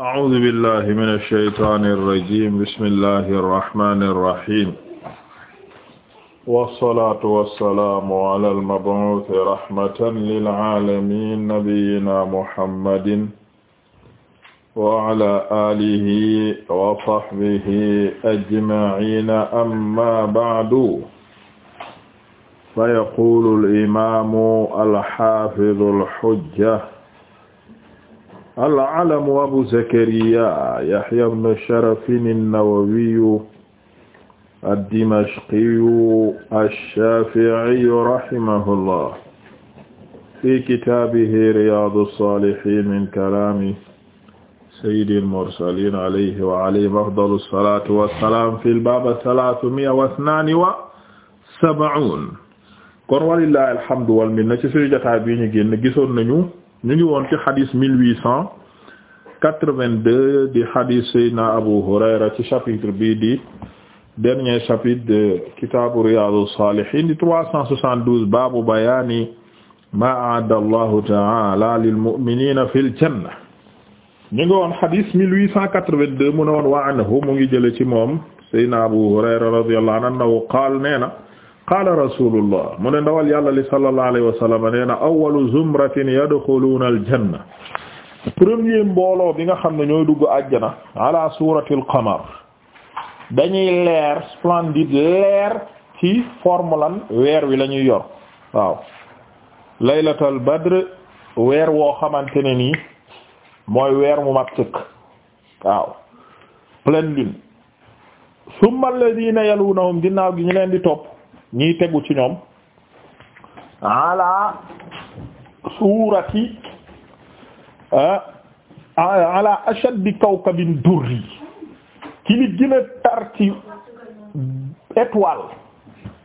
أعوذ بالله من الشيطان الرجيم بسم الله الرحمن الرحيم والصلاة والسلام على المبعوث رحمة للعالمين نبينا محمد وعلى آله وصحبه أجمعين أما بعد فيقول الإمام الحافظ الحجة al-Alamu Abu Zakariya Yahya ibn Sharaf an-Nawawi ad-Dimashqiyu ash-Shafi'iyu rahimahullah fi kitaabihi Riyaadu s-Saalihiin min kalaami sayyidil mursaliin alayhi wa alayhim afdalu s-salaatu wa s-salaam fil baab salaasumi'a wa isnaani wa sab'uun kon walillaahi alhamdu wal minna ci suñu jotaay bi ñu génn gisoon nañu ñu ngi woon ci xadis mille huit cent quatre-vingt-deux di xadis Seydina Abu Hurayra ci chapitre bii di dernier chapitre de kitaabu Riyadus Salihin di trois cent soixante-douze ma a'adda Allahu ta'ala lil mu'minina fil janna ñu ngi quatre-vingt-deux mu ne wa anhu mu ngi jële ci moom Seydina Abu Hurayra radiyallahu anhu qaal nee na qaala rasulullah mu ne ndawal yàlla li sallallahu alayhi wa sallam nee na awwalu zumratin yadxuluuna premier mbooloo bi nga xam ne ñoo dugg àjjana ala suurati al qamar dañuy leer splendide leer ci forme weer wi la ñuy yor waaw laylatul badr weer woo xamante ne nii mooy weer mu mat sëkk waaw pleine lune summa alladina yalunahum ginnaaw gi ñu leen di topp ñiy tegu ci ñoom ala suurati eh, ala ashaddi kawkabin durri ci li gën a tar étoile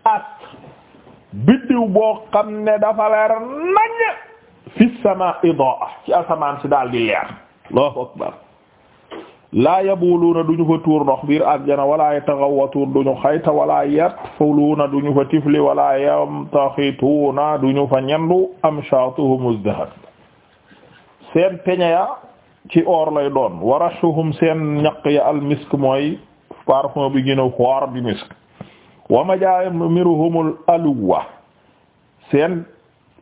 astre biddiw boo xam ne dafa leer nañ fi sama idaa ci asamaan si daal di leer allahu akbar laa yabuluuna duñu fa tuur ndox biir àjjana wala yataghawwatuun duñu xayta wala yatfuluuna duñu fa tifli wala yamtaxituuna duñu fa ñendu amshaatuhumuz dahab seen peñe ci or lay wa rashuhum seen ñaq ya al misk mooy parfum bi gën a xoor misk wa majaamiruhumul aluwa seen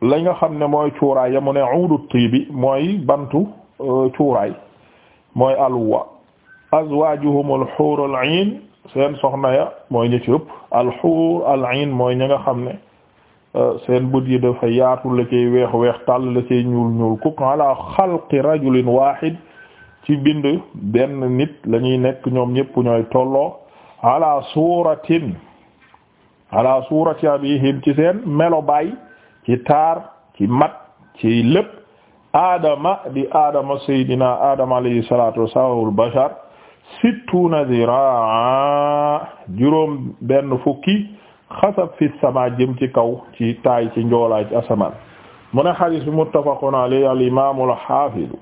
la nga xam ne mooy cuuraay ya mu ne udu tibi mooy bantu euh, cuuraay mooy aluwa azwaajuhum al-huur al-ayn seen soxna ya mooy ñi nga xam ne euh, seen bët yi yaatu la cay weex weex tàll la cay ñuul ñuul kuk ala xalqi rajulin waahid ci bind benn nit la ñuy nekk ñoom ñëpp ñooy tolloo ala suuratin ala suurati abihim ci seen melo ci taar ci mat ci lépp aadama di aadama saydina aadama alayhi salatu wasalamul bashar sittuna ziraa juróom benn fukki xasab fi sama jëm ci kaw ci taay ci njoolaay ci asamaan mu ne xadis bi muttafaqun alayhi al imaamu al xaafidu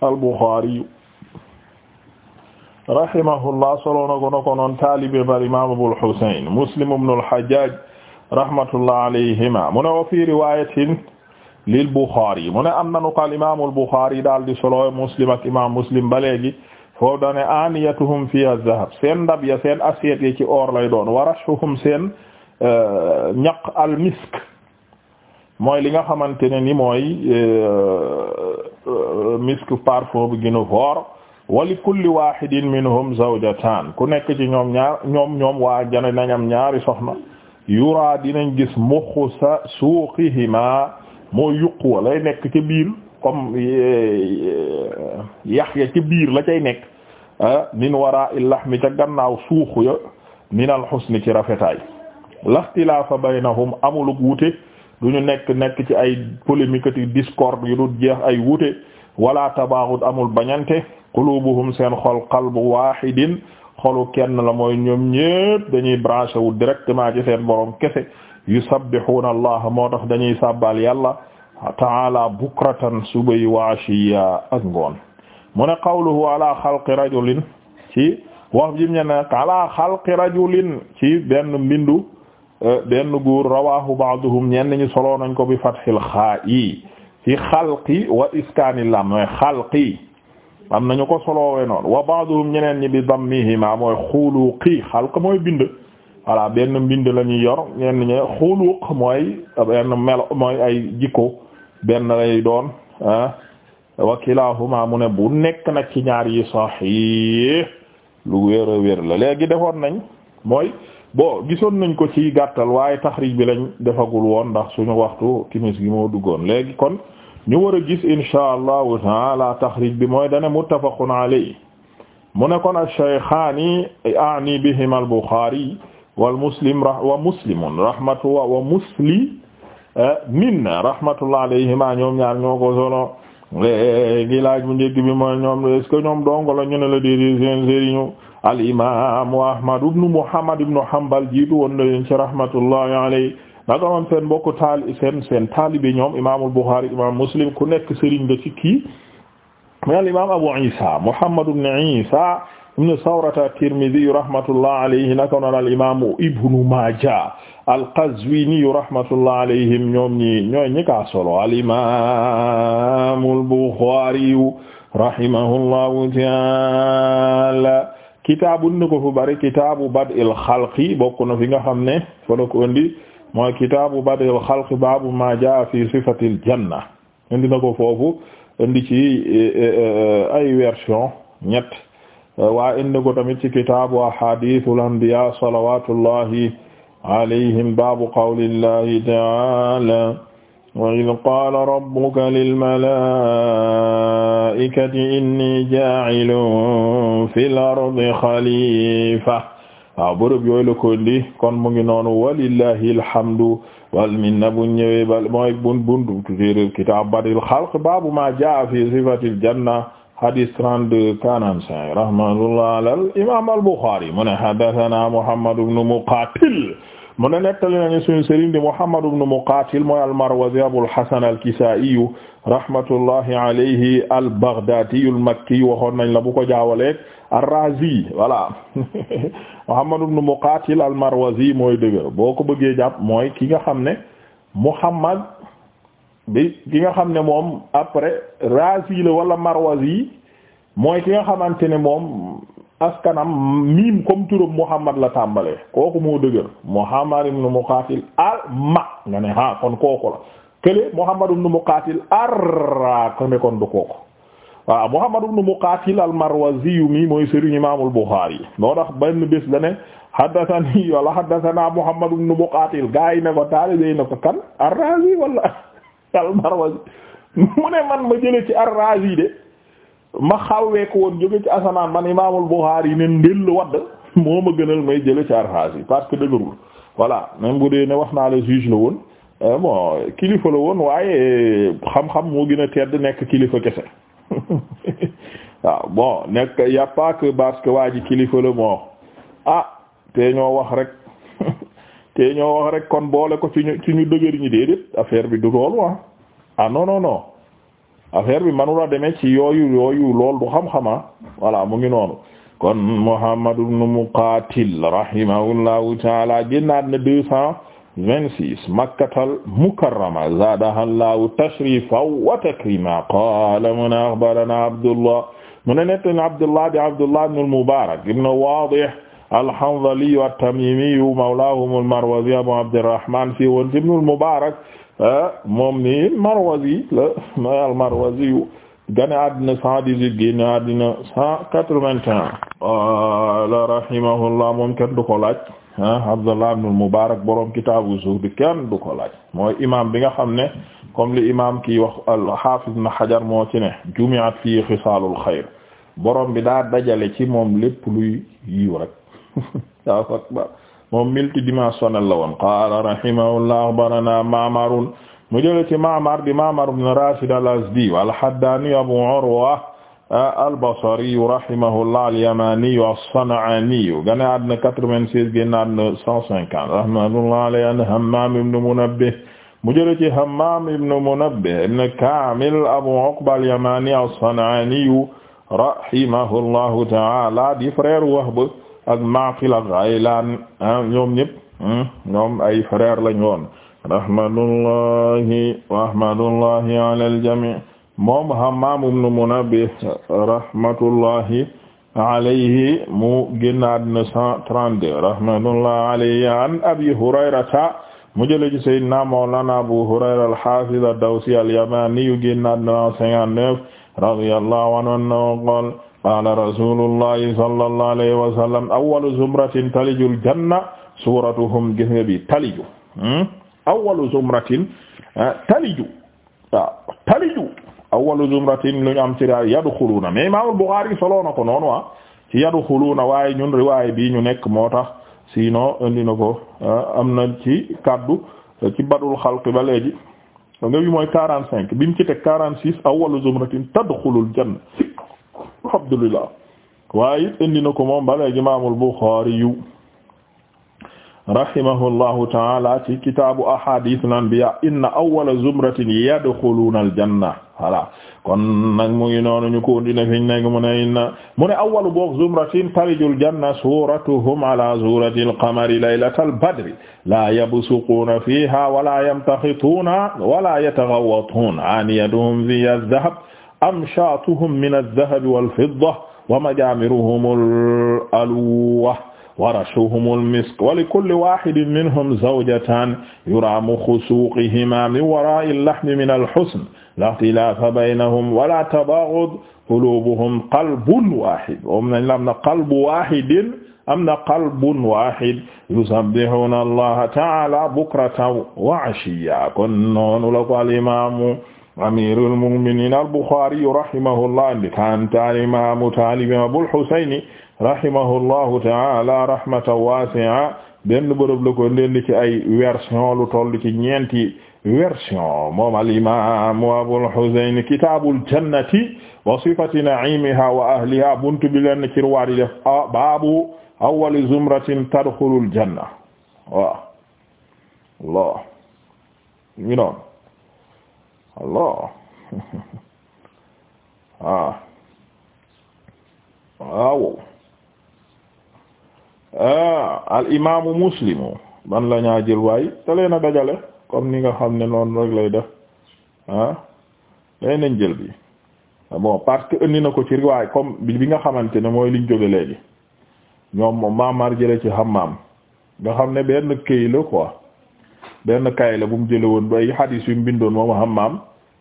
al buxaari rahimahullah solo na ko na ko noon taalibe ba al imaam abul xusayn muslim ibnu al xajjaaj rahmatullah alayhima mu ne wa fi riwaayatin lil buxaari mu ne am nanu ko al imaamu al buxaari daal di solo muslim ak imaam muslim ba léegi foofu dane aniyatuhum fiha zahab seen ndab ya seen assiette yi ci or lay doon wa rashuhum seen euh, ñaq al mooy li nga xamante ne ni mooy euh, euh, misk parfum bu gënu fort wa li minhum zawjatan ku nekk ci ñoom ñaar ñoom ñoom waa jana nañam ñaari soxna yura dinañ gis muxu sa suuqihima moo yuq wa nekk ci biir comme yax ya ca biir la cay nekk Ah, min wara'il lahmi mi gannaaw suuxu ya min al husni ci rafetaay laxtilaafa baynahum amuluk wute duñu nekk nekk ci ay polémique ci discorde yu dul jeex ay wute wala tabaghud amul bañante qulubuhum seen xol qalbu wahidin xolu kenn la mooy ñoom ñépp dañuy branché wu directement ci seen borom kese yusabbihuna allah moo tax dañuy sabbal yàlla ta'ala bukratan subay wa ashiya ak ngoon mu ne qawluhu ala xalqi rajulin ci wax jim ñe nag ala xalqi rajulin ci benn mbindu e, benn góor rawahu baaduhum ñenn ñi solo nañ ko bi fathil xaa yi ci xalqi wa iskaanil am nañu ko soloowe noonu wa baaduhum ñeneen ñi bi dammihima mooy xuluqi xalq mooy bind voilà benn mbind lañuy yor ñenn ñi xuluq mooy benn melo mooy ay jikko benn lay doon wa kilahuma mu ne bu nekk nag ci ñaar yi sahih lu wér a la léegi defoon nañ mooy bo gisoon nañ ko ci gàttal waaye taxrij bi lañ defagul woon ndax suñu waxtu timis gi moo duggoon léegi kon ñu war a gis insha allahu taala taxrij bi mooy dane muttafaqun alayhi mu ne kon ash-shaykhaani a'ni bihima al-Bukhari wal muslim wa muslimun rahmatullah wa muslimin eh, rahmatullah alayhima ñoom ñaar ñoo ko solo léegi laaj bu njëkk bi mooy ñoom est-ce que ñoom dongo la ñu ne la déedéet seen sëriñu al imaamu Ahmad ibnu Muhammad ibnu Hanbal jiitu woon na leen ci rahmatullahi alayhi naka noonu seen mbokku taali seen seen taalibe ñoom imaamul Bukhari imaam Muslim ku nekk sëriñ la ci kii mais al imaam Abu Isa Muhammad ibnu Isa ibnu Sawrata at-Tirmidhi rahmatullahi alayhi naka noonu al imaamu Ibnu Maaja al-Qazwini rahmatullah alayhim ñoom ñi ñooy ñi ka solo al-imam al ta'ala kitaabu nu fu bari kitaabu bad'il xalqi bokk na fi nga xam ne fa la ko indi mooy kitaabu baabu ma jaa fi sifatil janna indi na ko e, e, e, waa indi ko tamit ci kitaabu ahadithul anbiya salawatullahi alayhim baabu qawlillahi ta'ala wa idh qaala rabbuka lil malaa'ikati inni jaa'ilun fil ardi xaliifa waaw bërëb yooyu la ko indi kon mu ngi noonu walillahi alhamdu wal minna bu ñëwee ba mooy bun bundu tutéeréel kitaab badil xalq baabu maa jaa'a fi sifatil janna hadis 32 45 rahmatullah alal imaam al-Bukhari mu ne haddasanaa Muhammad ibn Muqaatil mu ne nettali nañu suñu sëriñ di Muhammad ibn Muqatil mooy al-Marwazi Abul Hasan al-Kisaa'i rahmatullahi alayhi waxoon nañ la bu ko jaawaleeg ar-Razi voilà Muhammad ibn Muqatil al-Marwazi mooy dëgg boo ko bëggee jàpp mooy ki nga xam ne Muhammad bi ki nga xam ne moom après Razi la wala Marwazi mooy ki nga xamante ne moom. askanam miim comme turam Muhammad la tàmbalee kooku moo dëgër Muhammad ibn Muqatil al ma nga ne ha ah, kon kooku la kële Muhammad ibn Muqatil ar ko ne kon du kooku waaw Muhammad ibn Muqatil al Marwazi mi mooy sëriñ Imaamul Bukhari noo tax benn bés la ne haddathani wala haddathana Muhammad ibn Muqatil gaa yi ne ko taalibe ne ko kan ar-Razi wala al Marwazi mu ne man ma jële ci ar-Razi de ma xawwee ko woon jóge ci asamaan man imaamul Buxaari yi ne ndell wadd moo ma gënal may jële ci arxaas yi parce que dëgërul voilà même bu dee ne wax naa la juge la woon euh, bon kilifa la woon waaye xam-xam moo gin a tedd nekk kilifa kese waaw bon nekk y que parce que waa ji kilifa la moo ah te ñoo wax rek te ñoo wax rek kon boole ko ci ñu ci ñu dëgër ñi déedéet affaire bi du loolu ah ah non affaire bi manula demee ci yooyu yooyu lool du xam-xama voilà mu ngi noonu kon Muhammad ibn Muqatil rahimahullahu taala génnaat na deux cent vingt-six Makkatal Mukarrama zaadahallahu tashrifa wa takrima qaala mu ne axbarana Abdullah mu ne nettani Abdullah bi Abdullah ibn al-Mubarak ibn Wadih al-Hanzali at-Tamimi mawlahum al-Marwazi Abu Abdirrahman fi woon ibn al-Mubarak Ah moom ni Marwazi la ma al-Marwazi yu gane àddina cent dix-huit génne àddina cent quatre-vingt-un la rahimahullah moom kenn du ko laaj ah Abdullah ibn al-Mubarak borom kitaabu zuhd kenn du ko laaj mooy imam bi nga xam ne comme li imam kii wax al-Hafiz ibn Hajar moo ci ne jumi'at fii xisaalul xayr borom bi daa dajale ci moom lépp luy yiw rek waaw akbar moom multidimensionnel la woon qaala rahimahullah axbarana mamarun mu jële ci mamar di mamar ibn rashid al-azdi al-haddani abu urwa al-basri rahimahullah al-yamani as-san'ani gane àddina 96 génn àddina 150 rahmatullah alayhi an hammam ibn munabbih mu jële ci hammam ibn munabbih ibn kamil abu uqba al-yamani as-san'ani rahimahullahu ta'ala di frère wahb ak Ma'qil ak Ghaylan ah, ñoom ñëpp hmm, ñoom ay frère lañu woon rahmatullahi rahmatullahi ala al-jami' moom Hammam ibn Munabbih rahmatullahi alayhi mu génnaat na cent trente-deux rahmatullahi alayhi an Abi Hurayrata mu jële ci Sayyidina Mawlana Abu Hurayra al-Hafiz ad-Dawsi al-Yamani yu génnaat na cinquante-neuf radiyallahu anhu qaala rasulullahi sallallahu alayhi wa sallam awwalu zumratin talijul janna suratuhum gis nga bi taliju hmm? awwalu zumratin eh, taliju waaw taliju awwalu zumratin lu ñu am ci daa yadxuluuna mais imaamul Buxaari soloo na ko noonu waa ah, ci yadxuluuna waaye ñun riwaay bii ñu nekk moo tax sinon indi na ko eh, am na ci kaddu eh, ci badul xalq ba léegi nga bi mooy quarante cinq bi ci teg quarante six awwalu zumratin tadxulul janna alhamdulillah waaye it indi na ko moom ba léegi imaamul Buxaari yu rahimahullahu taala ci kitaabu ahadith al anbiya inna awwala zumratin yadkhuluna al janna voilà kon nag mu ngi noonu ñu ko dina fiñ nekk mu ne inna mu ne awwalu boog zumratin tarijul janna suratuhum ala surati al qamari laylatal badri la yabsuquna fiha wala yamtakhituna wala yataghawwatuna aniyatuhum fiha adh-dhahab amshaatuhum min aldahabi walfidda wa majaamiruhum alaluwa wa rashuhum almisk wa likulli waahidin minhum zawjatan yuraamu xusuuqihimaa min waraa'i llahmi min alhusn laa ixtilaafa baynahum wa laa tabaagud quluubuhum qalbun waahid am na qalbu waahidin am na qalbun waahid yusabbihuuna allaha ta'aalaa bukratan wa ashiyyan kon noonu la ko al imaamu amirul mu'minin al-Bukhari rahimahullah ndi kantaan imamu taalibim Abul Husayni rahimahullahu ta'ala rahmatan wasi'a benn bërëb la ko ndendi ci ay version lu toll ci ñeenti version moom al-imamu Abul Husayni kitabul jannati wa sifati na'imiha wa ahliha buntu bi len ci ruwaadi def ah, baabu awwali zumratin tadkhulul janna waaw Allah waaw waaw ah, al muslimu ban la ñaa jël waay te leen a dajale comme ni nga xam ne noonu rek lay def ah lay nañ jël bi ah, bon parce que indi na ko ci riwaay comme bi nga xamante ne mooy liñ jóge léegi ñoom maamar jële ci hammam nga xam ne benn këy la quoi benn kay la bu mu jële woon ba bay hadis yu mu bindoon moom maam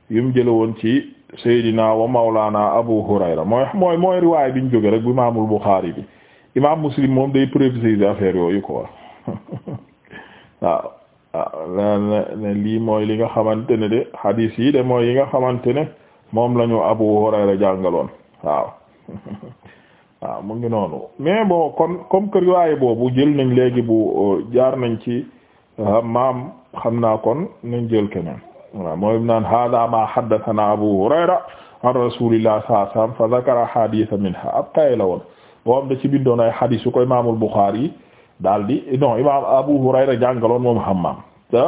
yu mu jële woon ci Seydina wa Mawlana Abu Hurayra mooy mooy mooy riwaay bi ñu jóge rek bu Imaamul Buxaari bi Imaam Muslim moom day préciser affaire yooyu quoi waaw waaw ne lii mooy li nga xamante ne de hadis yi de mooy yi nga xamante ne moom lañu ñu Abu Hurayra jàngaloon waaw waaw mu ngi noonu mais bon kon comme que riwaay boobu jël nañ léegi bu jaar nañ ci maam xam naa kon nañ jël keneen waaw mooy naan hada ma haddathana Abu Hurayra an rasulillah sallallahu alayhi wasallam fa dhakara minha ab kaye la woon boo ci bindoon ay hadith yu ko imaamul Bukhari daal di non imaam Abu Hurayra jàngaloon moom Hammaam te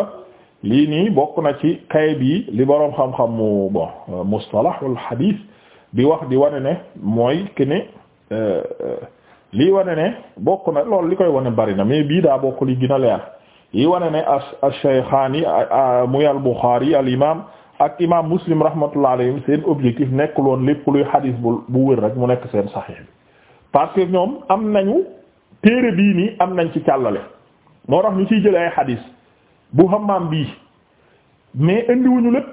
lii nii bokk na ci kaye bi li boroom xam-xam mu bon mustalahul hadith di wax di wane mooy ke ne euh, euh, lii wane ne bokk na loolu li koy wane bari na mais daa bokk li gën a leer yi wane ne ash-Shaykhaani muy al-Buxaari al imam ak imam Muslim rahmatullahi alayhim seen objectif nekkul loon lépp luy xadis bu bu wér rek mu nekk seen saxiix bi parce que ñoom am nañu téere bii nii am nañ ci càllale moo tax ñu ciy jëlee ay xadis bu Hammaam bii mais indiwuñu lépp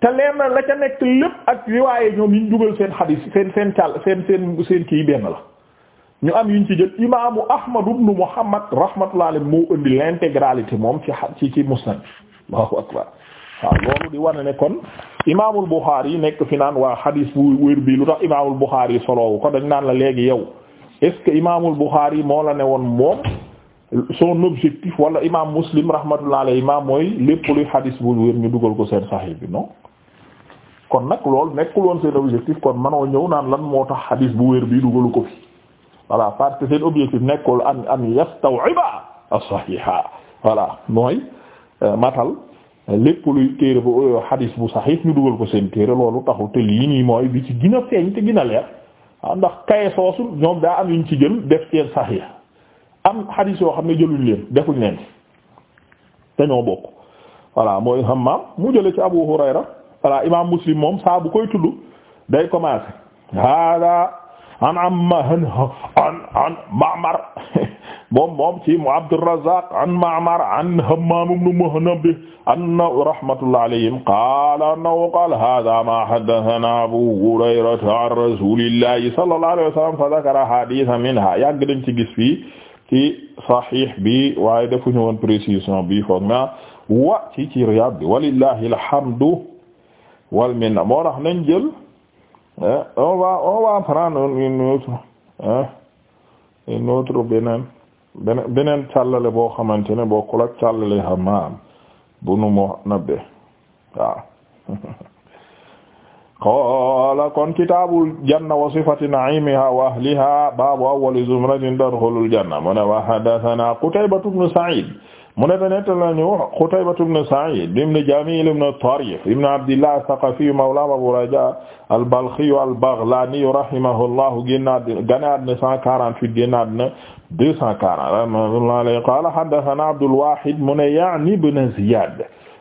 te leer na la ca nekk lépp ak riwaaye ñoom yi ñu dugal seen xadis seen seen càll seen seen seen kii benn la ñu am yuñ ci jël imaamu Ahmad ibn Muhammad rahmatullahi alayhi moo indi l'intégralité moom ci ci ci musnad Allahu akbar waaw loolu di wane ne kon imaamul Bukhari nekk fi naan waa xadiis bu wér bi lu tax imaamul Bukhari soloowu ko dañ naan la léegi yow est-ce que imaamul Bukhari moo la ne woon moom son objectif wala imaam Muslim rahmatullahi alayhi imaam mooy lépp luy xadiis bu wér ñu dugal ko seen Sahih bi non kon nag loolu nekkul woon seen objectif kon manoo ñëw naan lan moo tax xadiis bu wér bi dugalu ko fi voilà parce que seen objectif nekkul an an yastaw'iba as-sahiha voilà mooy euh, matal lépp luy téere bu euh, hadis bu sahih ñu dugal ko seen téere loolu taxul te lii nii mooy bi ci gën a feeñ te gën a leer ah, ndax kaye soosu ñoom daa am ñu ci jël def seen sahih am hadis yoo xam ne jëluñ leen defuñ leen te ñoo bokk voilà mooy Hammaam mu jële ci Abu Hurayra voilà imaam Muslim moom saa bu koy tudd day commencer hada an amma an an Ma'mar moom moom ci Abdurrazzaq an Ma'mar an Hammam ibn Muhnab anna rahmatullahi alayhim qaala annahu qaala haadha maa haddathanaa Abu Hurayrata an rasuulillahi sallallahu alayhi wa sallam fa dhakara haadiithan minhaa yàgg dañ ci gis fii ci Sahih bi waaye defuñu woon précision bi foog naa wa ci ci Riyaad bi walillahi alhamdu wal minna moo tax nañ jël Eh, on va on va prendre une autre une autre beneen beneen beneen càllale boo xamante ne bokkul ak càllale Hammaam bunu Munabbih waaw qaala kon kitaabul janna wa sifati naimiha wa ahliha baabu awwali zumratin tadxulul janna mu ne wa haddasanaa Qutaybatu bnu Sa'iid mu ne nettal nañu Qutaybatu ibn Sa'id ibn Jamil ibn Tarif ibn Abdillah Saqafi mawla Abu Raja al-Balkhi al-Baghlani rahimahullah ganaad na 148 ganaad na 240 rahimahullah qala haddathana Abdul Wahid mu ne ya'ni ibn Ziyad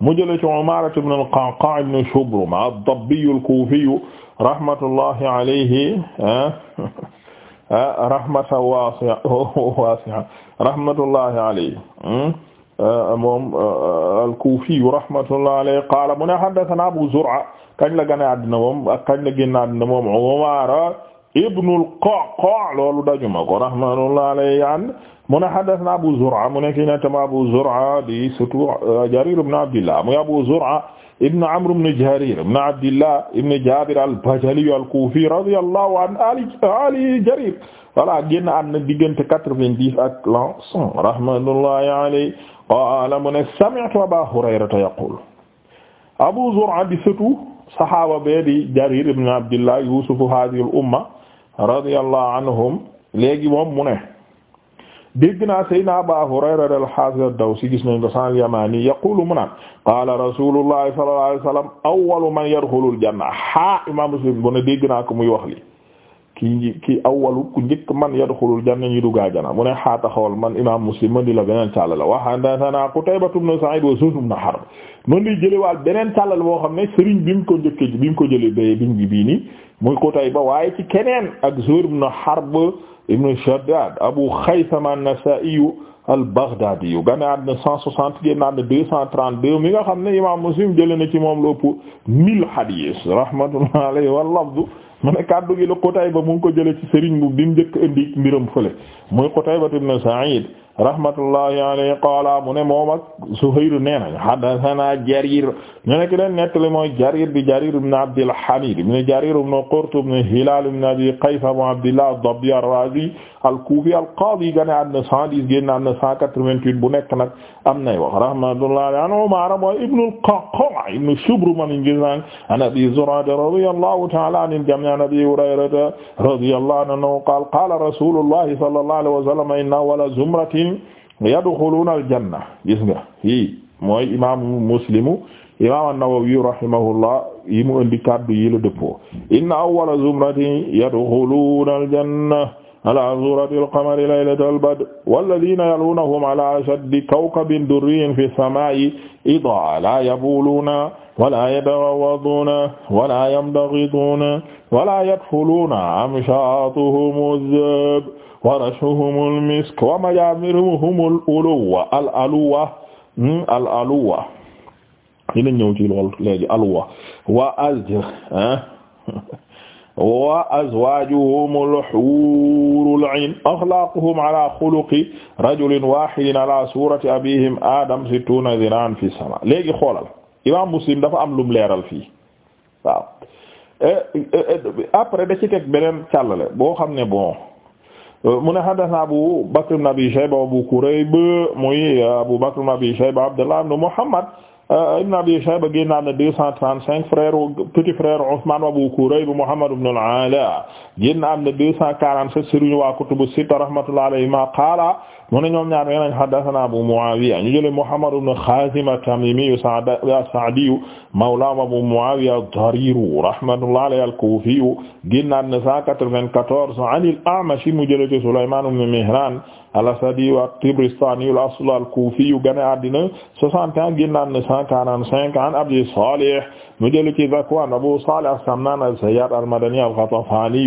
mu jëlee ci Umaarata ibn al-Qa'qaa' ibn Shubrum ad-Dabbi al-Kuufi rahmatullahi alayhi ah, rahmatan waasi'a rahmatullahi alayhi ah, moom ah, al-Kuufi rahmatullahi alayhi qaala mu ne haddathanaa Abu Zur'a kañ la gane àddina moom ak kañ la génn àddina moom Umaara ibnul Qaqaa loolu dajuma ko rahmatullahi alayhi an mu ne haddathana Abu Zur'a mu ne kii na tam Abu Zur'a di surtout euh, Jarir ibn Abdillah muy Abu Zur'a ibn Amr ibn Jarir ibn Abdillah ibn Jabir al-Bajali al-Kufi radiyallahu an Ali Ali Jarir voilà génn am na diggante quatre-vingt-dix ak l'an cent rahmatullahi alayhi qaala mu ne sami'tu Aba Hurayrata yaqul Abu Zur'a di surtout sahaaba bee di Jarir ibn Abdillah Yusuf hadhihi al-umma radiyallahu anhum léegi moom mu ne dégg naa saydna Abaa Hurayra al-Haafiz ad-Dawsi gis nañ ko san yamani yaqulu mu naan qaala rasulullahi sallallahu alayhi wa sallam awwalu man yadxulul janna ha imam Muslim bu ne dégg naa ko muy wax li ki ki awwalu ku njëkk man yadxulul janna ñu duggaa jana mu ne xaata xawal man imam Muslim man di la beneen càll la wa haddathana Qutaybatu ibn Sa'id wa Zuhru ibn Harb mën di jëlewaal beneen tàllal boo xam ne sëriñ bi mu ko njëkke bi mu ko jële baye bi bii nii muy Qutayba waaye ci keneen ak Zuhr ibn Harb ibn Shaddad Abu na an-Nasa'i al-Baghdadi yu gane àddina cent soixante génn àddina deux cent trente-deux mi nga xam ne imam Muslim jëlee na ci moom lu ëpp mille rahmatullah alayhi wal mu ne kaddu gi la Qutayba mu ngi ko jëlee ci sëriñ bu bi mu njëkk indi mbiram fële muy Qutayba ibn Sa'id rahmatullahi alayhi qaala mu ne moom ak Zuhayr nee nañ haddathana Jarir ñu ne ki leen nettali Jarir di Jarir ibn Abdil Hamid Jarir ibn Qurt ibn Hilal ibn Abi Qaysa Abu Abdillah ad-Dabbi ar al-Kufi al-Qadi gane àddina cent dix 188 bu nekk nag am nay wax rahmatullahi anhu maara mooy ibnul Qaqaa ibnu Shubrum man gis naan an Abi Zur'ata radiyallahu ta'ala anil jami' an Abi Hurayrata radiyallahu anhu qaala qaala rasulullahi sallallahu alayhi wa sallam inna wala zumratin yadkhuluna aljanna gis nga yii mooy imaamu Muslimu imam an-Nawawi rahimahullah yi mu indi kaddu yi la dëppoo inna awwala zumratin yadkhuluna aljanna ala surati alqamari laylata albadr walladina yalunahum ala ashaddi kawkabin durriyin fi samaa'i idaa la yabuluuna wala yataxawaduuna wala yamdaxituuna wala yadxuluuna amshaatuhum zab wa rashuhum almisk wa majaamiruhum aluwa al aluwa hmm, al aluwa dina ñëw ci lool léegi aluwa wa azj ah. wa azwaajuhumul huurul ayn axlaaquhum ala xuluqi rajulin waahidin ala suurati abiihim aadam sittuuna ziraan fi sama léegi xoolal imaam muslim dafa am lum leeral fii waaw eh, eh, eh, après da ci teg beneen càllale boo xam ne bon mu ne haddasanaa Abu Bakr ibn Abi Shayba Abu Kurayb muy Abu Bakr ibn Abi Shayba Abdullah ibn Muhammad Euh, ibn Abi Shayba génnaat na deux cent trente-cinq frère petit frère Ousmane Abu Kurayb Muhammad ibn al-Ala génnaat na deux cent quarante-sept sëriñ waa kutubu sitta rahmatullahi alayhima qaala mu ne ñoom ñaar ñoo ne haddathana Abu Muawiya ñu jëlee Muhammad ibn Khazim at-Tamimi as-Sa'di mawla Abu Muawiya ad-Darir rahmatullahi alayhi al-Kufi génnaat na cent quatre-vingt-quatorze an al-A'mash mu jëlee ci Sulayman ibn Mihran al-Asadi wa at-Tabaristani al-asl al-Kufi yu gane àddina 61 ginnaaw na 145 an Abi Salih mu jël ci Zakwan Abu Salih as-Samman az-Zayyat al-Madani al-Ghatafani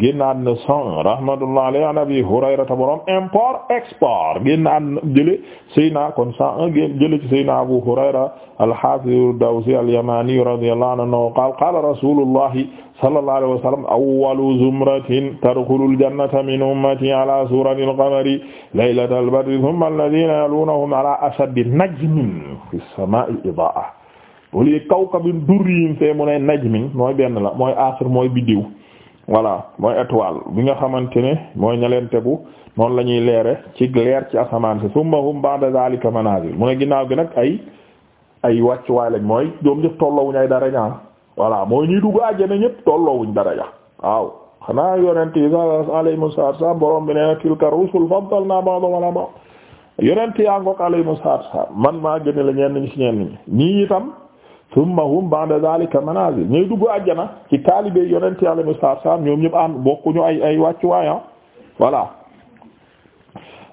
génn àddina cent rahmatullah alayhi an abi hurayrata borom import export génn àddina jële sayna kon cent un génn jële ci sayna abu hurayra al-hafiz dawsi al-yamani radiyallahu anhu qala qala rasulullahi sallallahu alayhi wa sallam awwalu zumratin tadkhulul jannata min ummati ala suratil qamari laylatal badri thumma alladhina yalunahum ala ashaddi najmin fis samai idaa'ah au lieu kawkabin durriyin fee mu ne najmin mooy benn la mooy asr mooy biddiw voilà mooy étoile bi nga xamante ne mooy ñaleen tegu noonu la ñuy leere ci leer ci asamaan si summa hum ba'da zalika manazil mu ne ginnaaw gi nag ay ay wàccuwaay lañ mooy ñoom ñëpp tolloowuñ ay daraja ah. voilà mooy ñuy dugg àjjana ñëpp tolloowuñ daraja waaw xanaa yonent yi alayhimu salaatu salaam borom bi nee na tilka man maa gën la ñenn ñi si ñeen ñi ñii itam thumma hum ba'da zalika manazil ñuy dugg àjjana ci taalibe yonent Yàlla mu saar saam ñoom ñëpp am bokkuñu ay ay wàccuwaayam ah. voilà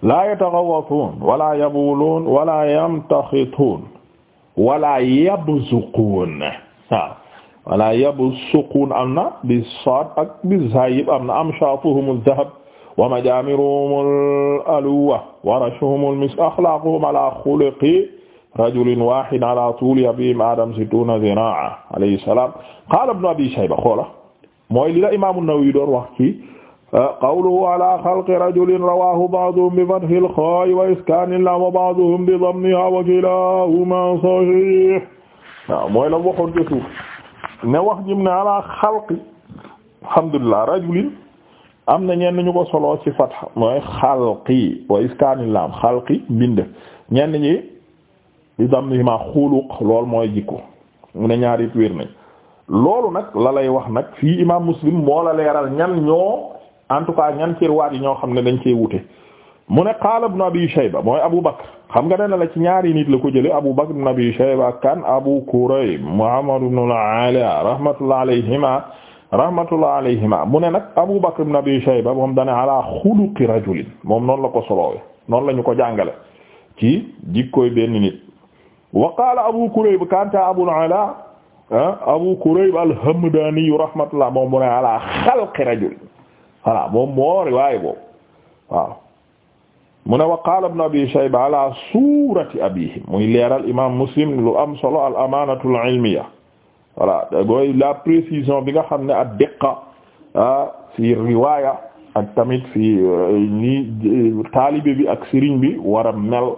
la yataghawatun wala yabulun wala yamtakhitun wala yabzuqun waaw wala yabsuqun am na bi sad ak bi zayib am na amshafuhum adh-dhahab wa majamiruhum al-alwa wa rashuhum al-misk akhlaquhum ala khuluqi rajulin wahid ala tuuli abihim adam situna ziraa alayhi salam qala ibn abi shayba xoola mooy li la imam an-Nawawi doon wax ci ah, qawluhu ala xalqi rajulin rawahu ba'duhum bi fathil xaa'i wa iskanil laam wa ba'duhum bi dammiha wa kilahuma sahih waaw mooy la waxoon ci suuf ne wax jim ne ala xalqi alhamdulillah rajulin am na ñenn ñu ko solo ci fath mooy xalqi wa iskanil laam xalqi bind ñenn ñi bi dammihima xuluq lool mooy jikko mu ne ñaar it nañ loolu nag la lay wax nag fii imam muslim moo la leeral ñan ñoo en tout cas ñan ci riwaat ñoo xam ne dañ cee wute mu ne qaala ibn abi shayba mooy abu bakr xam nga dana la ci ñaari nit la ko jële abu bakr ibn abi shayba kan abu kurayb muhammad ibn al-ala rahmatullah alayhima rahmatullah alayhima mu ne nag abu bakr ibn abi shayba moom dane ala xuluqi rajulin moom noonu la ko soloowe noonu la ñu ko jàngale wa qaala Abu Kurayb kanta Abul Ala ah, Abu Kurayb al-Hamdani rahmatullah moom mu ne ala xalqi rajul voilà moom moo riwaay boobu waaw mu ne wa qaala Ibn Abi Shayba ala suurati abihim muy leeral imaam Muslim lu am solo al amaanatul ilmiya voilà dagooy la précision bi nga xam ne ak diqqa ah, fi riwaaya ak tamit fi eh, ni eh, taalibe bi ak sëriñ bi war a mel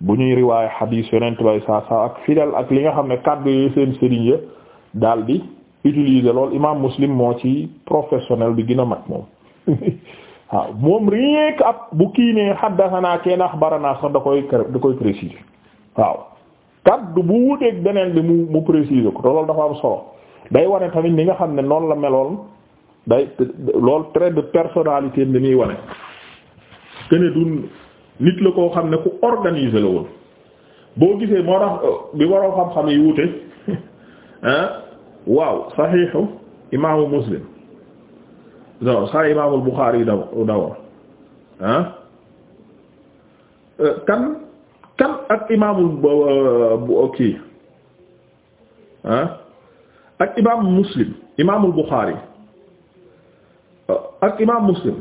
bu ñuy riwaay xadiis yonent bay saa saa ak fidèle ak li nga xam ne kàddu yi seen sëriñ ya daal di utiliser lool imaam muslim moo ci professionnel bi gën a mag moom waaw moom rien que ab bu kii nee xaddasanaa kenn axbaranaa sax da koy da koy préciser waaw kàddu bu wuteeg beneen bi mu mu préciser ko te loolu dafa am solo day wane tamit ni nga xam ne noonu la meloon day lool trait de personnalité bi muy wane. kenn du nit la koo xam ne ku organisé la woon boo gisee moo tax euh, bi waroo xam-xam yi wute waaw saxiixu imaamu muslim non sax imaamul buxaari yi daw euh, kan kan ak imaamul euh, kii ak imaamu muslim imaamul buxaari ak imaamu muslim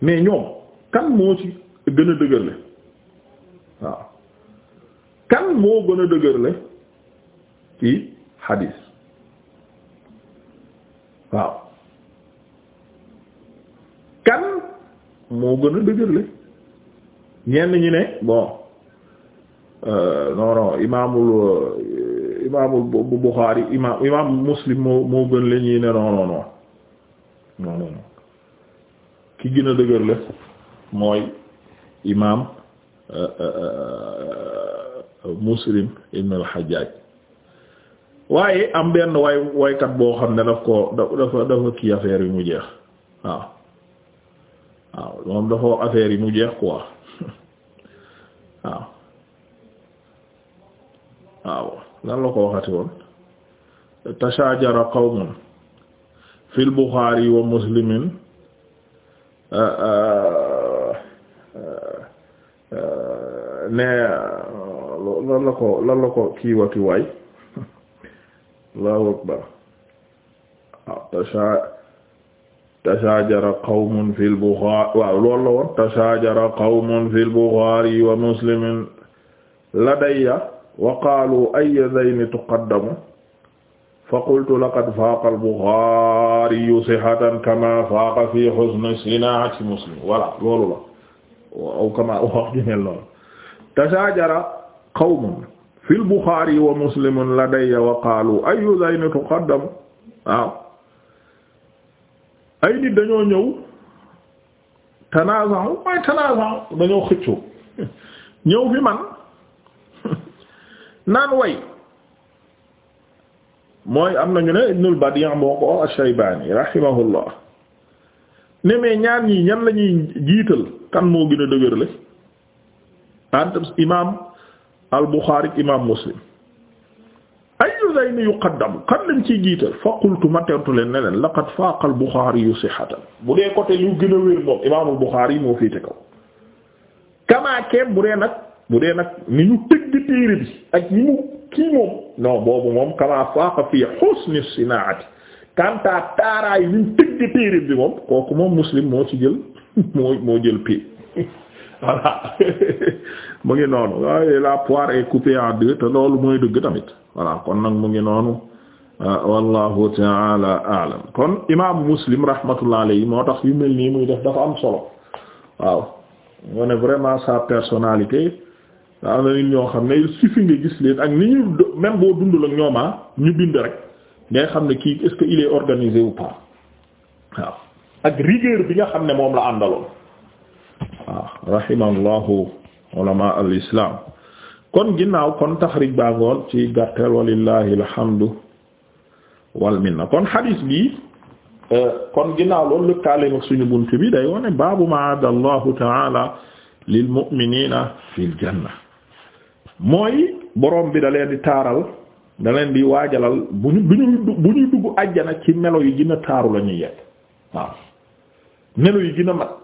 mais ñoom kan moo ci. gën a dëgërle waaw kan moo gën a dëgërle ci xadiis waaw kan moo gën a dëgërle ñenn ñi ne bon euh, non imaamul euh, imaamul bu Buxaari imaam imaam Muslim moo moo gën le ñi ne non non non ki gën a dëgër mooy imaam uh, uh, uh, Muslim ibn al waaye am benn way waykat boo xam ne daf ko dafa dafa kii affaire yi mu jeex waaw waaw moom dafa wax yi mu jeex quoi waaw waaw lan la ko waxati woon tashajara qawmun fil Bukhari wa Muslimin ne euh, lan la ko lan la ko kiiwati waay allahu akbar ah, tashaajara qawmun fil Buxaari waaw loolu la woon tashaajara qawmun fil Buxaari wa Muslimin ladayya wa qaalu ayyu dhayni tuqaddamu faqultu laqad faaqa al-Buxaari sihhatan kamaa faaqa fi husni sinaa'ati Muslim voilà loolu la aw kamaa wax ju mel noonu tasaajara qawmun fil Buxaari wa Muslim ladayya wa qaalu ayyu dayn tuqaddam waaw ay nit dañoo ñëw tanaaza'u ay tanaaza'u dañoo xëccoo ñëw fi man naan way mooy am nañu ne Ibnul Badi' moo ko Ash-Shaybaani rahimahullah ne mais ñaar ñan lañuy jiital kan moo gën a dëgër entre imaam al Buxaari imaam Muslim ayu zayni yuqaddamu kan lañ ciy jiital fa qultu ma teertu leen ne leen laqad faaqa al Buxaari yu sihhatan bu dee côté lu gën a wér moom imaamul Buxaari moo féete kaw kamaakeem bu dee nag bu dee nag ni ñu tëgg téere bi ak ni mu kii moom non boobu moom kamaa faaqa fi husni sinaati kanta taaraay ni ñu tëgg téere bi moom kooku moom Muslim moo ci jël moo moo jël pii voilà mu ngi noonu waaye la poire est coupée te loolu mooy dëgg tamit voilà kon nag mu ngi noonu euh, wallahu taala alam kon imaamu muslim rahmatullah alayhi moo tax yu mel nii muy def dafa am solo waaw moo ne vraiment sa personnalité daa am na nit ñoo xam ne il suffit nga gis leen ak ni ñu même boo dundul ak ñooma ah, ñu bind rek ngay xam ne kii est-ce est organisé ou pas waaw ak rigueur bi nga xam ne moom la àndaloon waaw rahimallahu ulama kon ginnaaw kon taxrij baa ngoon ci gàttal walillahi alhamdu wal kon xadiis bi euh, kon ginnaaw loolu lëkkaale ak suñu bunt bi day wone baabu ma aada allahu taala lil mu'minina fil janna mooy borom bi da leen di taaral da di waajalal bu ñu bu ñu bu ñuy dugg àjjana ci melo yi ginna taaru la ñuy yegg waaw melo yi gën mat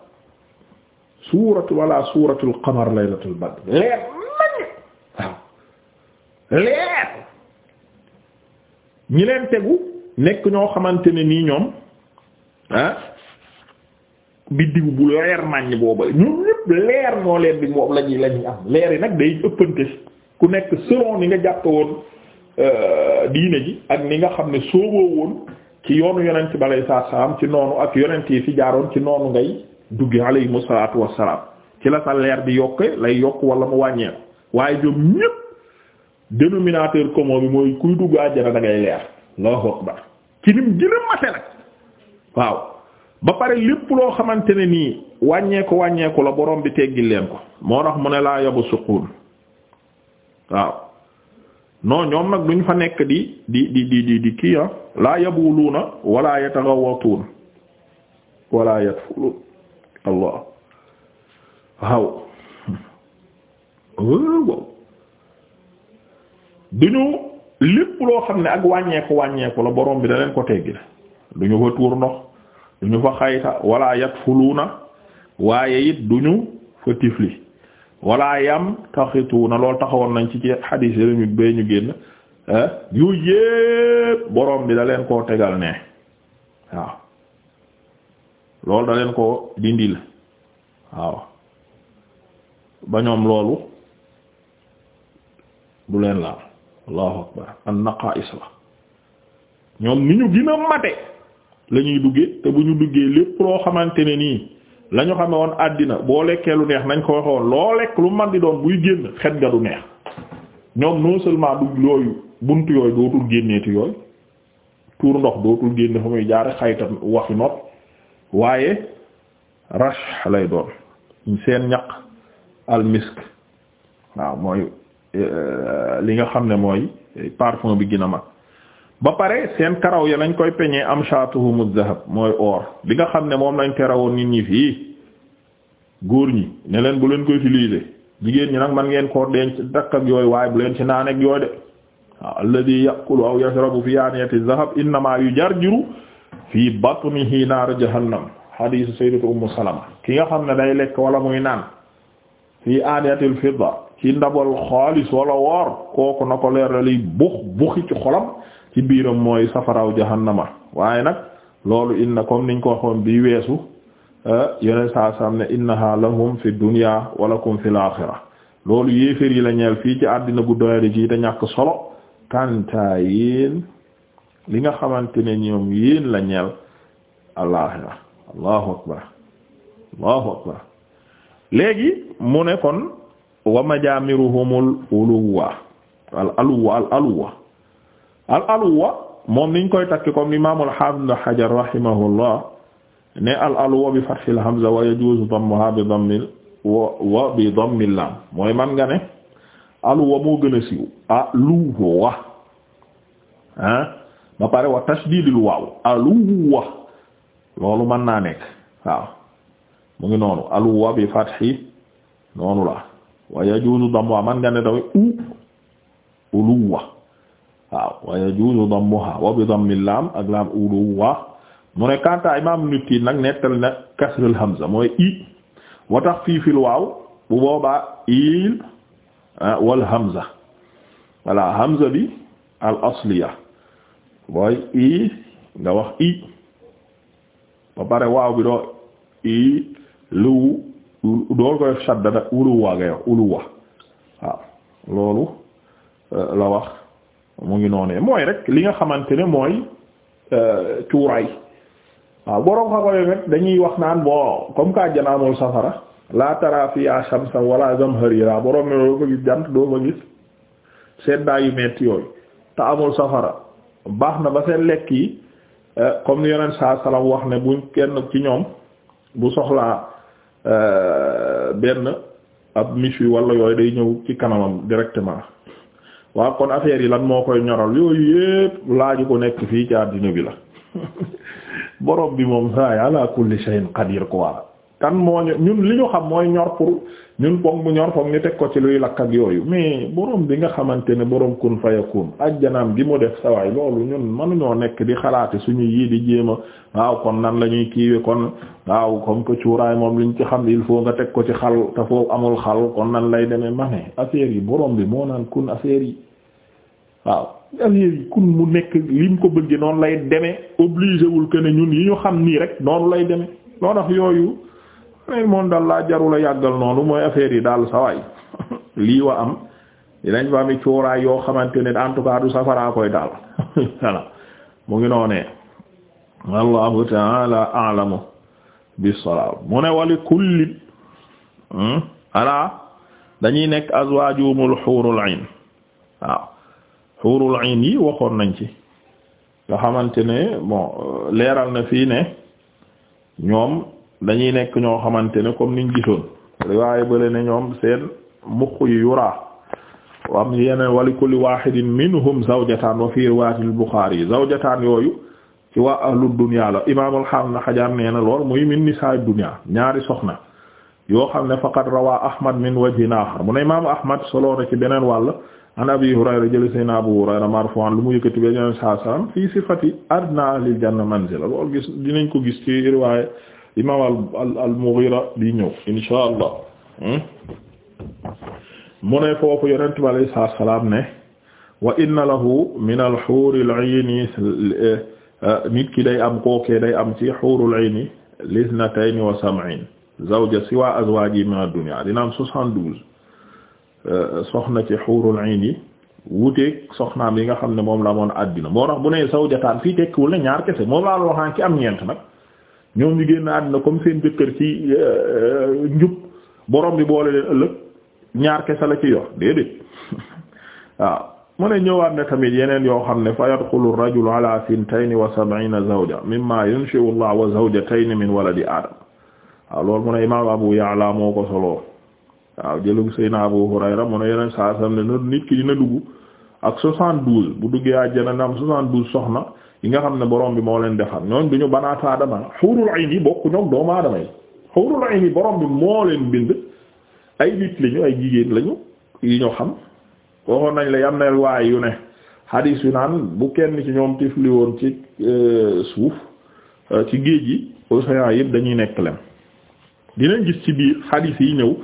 suuratu wala suuratul qamar laylatul badr leer man waaw leer ñi leen tegu nekk ñoo xamante ne nii ñoom ah biddiw bu leer naññ booba ñun ñëpp leer ñoo leen bi moom la ñuy la am leer yi nag day ëppante ku nekk selon ni nga jàppe woon euh, diine ji ak ni nga xam ne sooboo woon ci yoonu yonent bi alayhi saam ci noonu ak yonent yi fi jaaroon ci noonu ngay dugge alayhimu salaatu wassalaam ci la sa leer bi yokke lay yokk wala mu wàññeeku waaye jom ñépp dénominateur commun bi mooy kuy dugg àjjana da ngay leer Allahu akbar ci nim gën mate nag waaw ba pare lépp loo xamante ne nii wàññeeku wàññeeku la borom bi teggil leen ko moo tax mu ne laa yabu suqun waaw non ñoom nag duñ fa nekk di di di di di di kii ah laa yabuluuna wala yataghawatuun wala yatfuluun allah waaw waaw duñu lépp loo xam ne ak wàññeeku wàññeeku la borom bi da leen ko teggi la duñu fa tuur ndox duñu fa xayta wala yatfuluuna waaye du ñu fa tifli wala yam na loolu taxawoon nañ ci ci xadiis yi bee ñu génn eh, yooyu yépp borom bi da leen koo tegal ne waaw loolu da leen ko dindil waaw ba ñoom loolu du leen laal allahu akbar an naqais la ñoom ni ñu gën a mate la ñuy duggee te bu ñu duggee lépp loo xamante ne nii la ñu xame woon àddina boo lekkee lu neex nañ ko waxe woon loo lekk lu man di doon buy génn xet ga du neex ñoom non seulement du yooyu bunt yooyu dootul génneeti yooyu tuur ndox dootul génne fa muy jaar xayta waxi not waaye rash lay doon seen ñaq almisk waaw mooy euh, li nga xam ne mooy parfum bi gën a mag ba pare seen karaw ya lañ koy peñee am shaatuhumu zahab mooy or bi nga xam ne moom lañ terawoon nit ñi fii góor ñi ne leen bu leen ko utiliser jigéen ñi nag man ngeen koo denc dakk ak yooyu waaye bu leen ci naan ak yooyu de alladhi yaqulu aw yashrabu fi yaniyati zahab innama yujarjiru fii batnihi naaru jahannam hadiisu sayyidatu ummu salama ki nga xam ne day lekk wala muy naan fii aaniyatil fidda ci ndabal xaalis wala woor kooku na ko leer lay bux buxi ci xolam ci biiram mooy safaraw jahannama waaye nag loolu inna comme niñ ko waxoon bii weesu yeneen saa saam ne innaha lahum fi dunya wa lakum fil axira loolu yéeféer yi la ñeel fii ci àddina gu doyadi ji te ñàkk solo kantayin li nga xamante ne ñoom yéen la ñeel àllaaxira allahu akbar allahu akbar léegi mu ne kon wa majaamiruhumul uluwa al aluwa al aluwa aluwa moom niñ koy takki comme l'imam al-hafiz hajar rahimahullah ne al aluwa bi fathil hamza wa yajuzu dammuha bi dammil wa bi dammil lam mooy man nga ne aluwa moo gën a siiw aluwa ah ba pare wa tashdidil waaw aluwa loolu mën naa nekk waaw mu ngi noonu aluwa bi fathi noonu la wa yajuzu dammuha man nga ne dawe u uluwa waaw wa yajuzu dammuha wa bi dammil laam ak laam uluwa mu ne kanta imam nutti nag nettal na kasrul hamza mooy i wa takhfifil waaw bu boobaa il ah, wal hamza wala hamza bi al asliya booy i nga wax i ba pare waaw bi doo i lu dool koy shadda uluwa ngay wax uluwa waaw loolu euh, la wax mu ngi noonee mooy rek li nga xamante ne mooy euh, cuuraay waaw boroom xakoy rek dañuy wax naan bon comme que àjjana amul safara la tara fiya shamsan wala zamharira boroom ne doo fa gis jant doo fa gis seddaayu metti yooyu te amul safara baax na ba seen lekk yi euh, comme yeneen yonent saa salaam wax ne bu kenn ci ñoom bu soxlaa euh, benn ab miche wala yooyu day ñëw ci kanamam directement waaw kon affaire yi lan moo koy ñoral yooyu yépp laaju ko nekk fii ci àddina bi la borom bi moom saa ala kulli shay'in qadir quoi. kan moo ñun li ñu xam mooy ñor pour ñun foog mu ñor foog ñu teg ko ci luy lakk ak yooyu mais borom bi nga xamante ne borom kun ak janaam gi mu def sawaay loolu ñun mënuñoo nekk di xalaate suñu yii di jéema a waaw kon nan la ñuy kiiwe kon waaw comme que cuuraay moom liñ ci xam il faut nga teg ko ci xal te foofu amul xal kon nan lay demee ma ne affaire yi boroom bi moo naan kun affaire yi waaw affaire yi kun mu nekk lim ko bëgge noonu lay demee obligé wul ne ñun yi ñu xam nii rek noonu lay demee loo yooyu. mais moom daal laa jarula noonu mooy affaire yi daal sawaay lii wa am dinañ fa ami cuuraay yoo xamante ne en tout cas du safaraa koy daal voilà mu ngi noonee wallahu ta'ala a'lamu bis mu ne wali kullin hmm? ala dañuy nekk azwaajuhumul hurul 'ayn waaw hurul 'ayn yi waxoon nañ ci nga xamante ne leeral na fii ne ñoom dañuy nekk ñoo xamante ne comme niñ gisoon riwaaye bële ne ñoom seen mukk yu yuraa am yenn wali kulli wahidin minhum zawjataan wa fi riwaayati al-Bukhari zawjataan yooyu ci waa ahlu dunya la imaamul xam na xajaar nee lool muy min nisaay dunya ñaari soxna yoo xam ne faqad rawaa Ahmad min wajhin akhar mu ne imaamu Ahmad solo na ci beneen wàll an Abi Hurayra jëlee seen Abu Hurayra marfu'an lu mu yëkkati ba ñëw saa sifati adna lil janna ko gis ci imaam al al Mughira di ñëw insha allah hmm? mu ne foofu yonent bi alayhi salaam ne wa inna lahu min al xuuril ayni eh, nit ki day am kookee day am ci xuurul ayni lisnatayni wa sab'iin zawja siwa azwaaji min ad-dunya dina am soixante-douze eh, soxna ci xuurul ayni soxnaam yi nga xam ne moom laa moon àddina moo tax bu nee zawjataan fii tekkiwul ne ñaar kese moom laa waxaan ci am ñeent nag ñoom ñu génn àddina comme seen jëkkër ci euh, euh, njub borom bi boole leen ëllëg ñaar kese la ci yor déedéet waaw mu ne ñëwaat ne tamit yeneen yoo xam ne fa yadxulu rajulu ala sintayn wa sab'ina zawja mimma yunshi'u Allah wa zawjatayn min waladi Adam waaw loolu mu ne imaam Abu Ya'la moo ko soloo waaw jëlug Seydina Abu Hurayra mu ne yeneen saa sam nit ki dina dugg ak soixante-douze bu duggee àjjana na am soixante-douze soxna yi nga xam ne borom bi moo leen defar ñooñ du ñu banaat aadama xuurul ayn yi bokk ñoom doomu aadama yi xuurul moo leen bind ay nit lañu ay jigéen lañu yi ñu xam waxoon nañ la yam na waay yu ne xadiis yu naan bu kenn ci ñoom tifli woon ci euh, suuf euh, ci géej gi océan yëpp dañuy nekk lem dinañ gis ci biir xadiis yi ñëw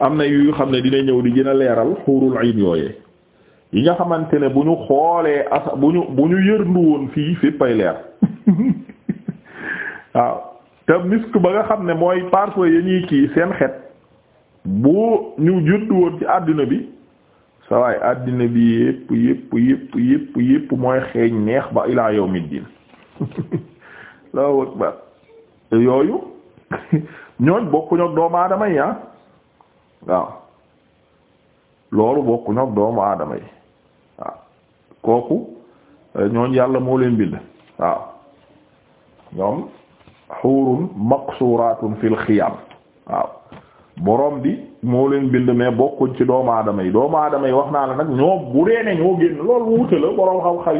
am na yu xam ne dina ñëw di gën a leeral xuurul ayn yooyee yi nga xamante ne bu ñu xoolee asa bu ñu bu ñu yërndu woon fii féppay leer waaw te misk ba nga xam ne mooy parfois ya ñuy kii seen xet bu ñu juddu woon ci àddina bi sa waay àddina bi yépp yépp yépp yépp mooy xeeñ neex ba ilaa yawmiddin la wëg ba yooyu ñooñ bokkuñu doomu aadama yi ah waaw loolu bokkuñu doomu aadama yi kooku euh, ñooñ yàlla moo leen bind waaw ñoom xuurun maqsuratun fil xiyam waaw borom bi moo leen bind mais bokkuñ ci doomu aadama yi doomu aadama yi wax naa la nag ñoo bu dee ñoo génn loolu wute la borom xam-xam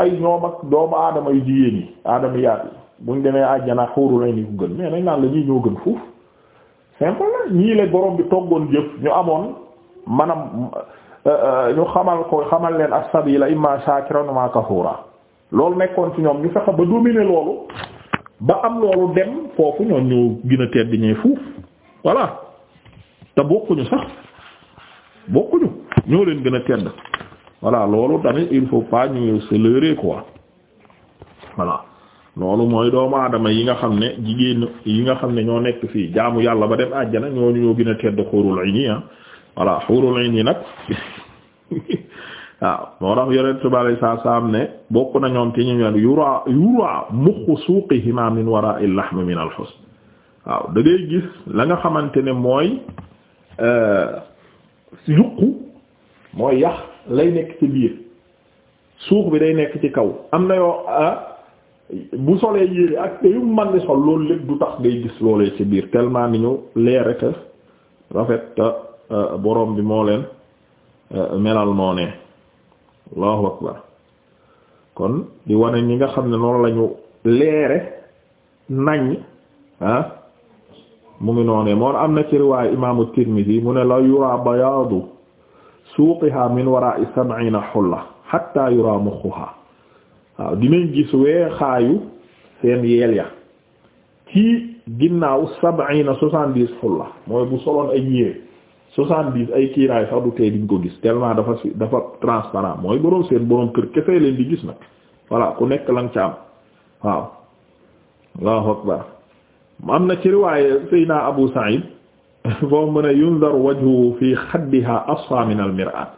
ay ñoom ak doomu aadama yu jigéen yi aadama yaatu buñ demee àjjana xuurul ay ni gën mais nañ naan la ñii ñoo gën fuuf simple la ñii la borom bi toggoon jëf ñu amoon manam ñu xamal ko xamal leen as-sabila imma shakiran wa kafura loolu nekkoon ci ñoom ñu fexe ba dominer loolu ba am loolu dem foofu ñoom ñu gën a tedd ñee fuuf voilà te bokkuñu sax bokkuñu ñoo leen gën a tedd voilà loolu tamit il faut pas ñu se quoi voilà loolu mooy doomu aadama yi nga xam ne jigéen yi nga xam ne ñoo nekk fii jaamu yàlla ba dem àjjana ñooñu ñoo gën a tedd xóorul nii ah voilà xuurul ayn yi nag waaw moo tax yonent bi alayhi salaatu salaam ne bokk na ñoom ci ñu ñaan yura yura muxu suuqihima min wara'il lahm min al waaw da gis la nga xamante ne mooy euh, yuqu mooy yax lay nekk ci biir suux bi day nekk ci kaw am na yoo ah, bu solee yére ak yu man di sol loolu lépp du tax ngay gis loolee ci biir tellement ni ñu leere te rafet Euh, borom bi moo leen euh, melal noo allahu akbar kon di wane ñi nga xam ne noonu lañu leere nañ ah mu ngi noonee moon am na ci riwaay imaamu Tirmidhi mu ne la yura bayaadu suuqiha min waraa'i sab'iina xulla hatta yura muxuha waaw dinañ gis weexaayu seen yeel ya ci ginnaaw sab'iina soixante-dix xulla mooy bu soloon ay yéer soixante-dix ay kiiraay sax du tey diñ ko gis tellement dafa si dafa transparent mooy boroom seen boroom kër kese leen di gis nag voilà ku nekk lan ca am waaw allahu akbar am na ci riwaaye Seydina Abu Sa'id boo mu ne yundar wajhu fi xaddiha asfa min al mir'at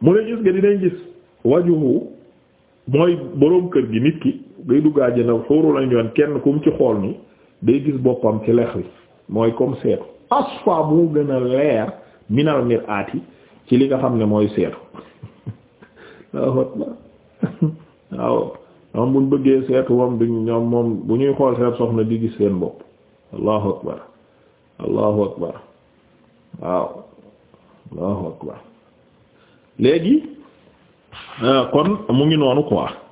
mu ne gis nga dinañ gis wajhu mooy boroom kër gi nit ki day duggaa jëna xóoru lañ yoon kenn ku mu ci xool ni day gis boppam ci lex mooy comme seetu asfa moo gën a leer minal mir'ati ci li nga xam ne mooy seetu waaw waaw ñoom buñ bëggee seetu moom duñ ñoom moom bu ñuy xool seet soxna di gis seen bopp allahu akbar allahu akbar waaw allahu akbar léegi euh, kon mu ngi noonu quoi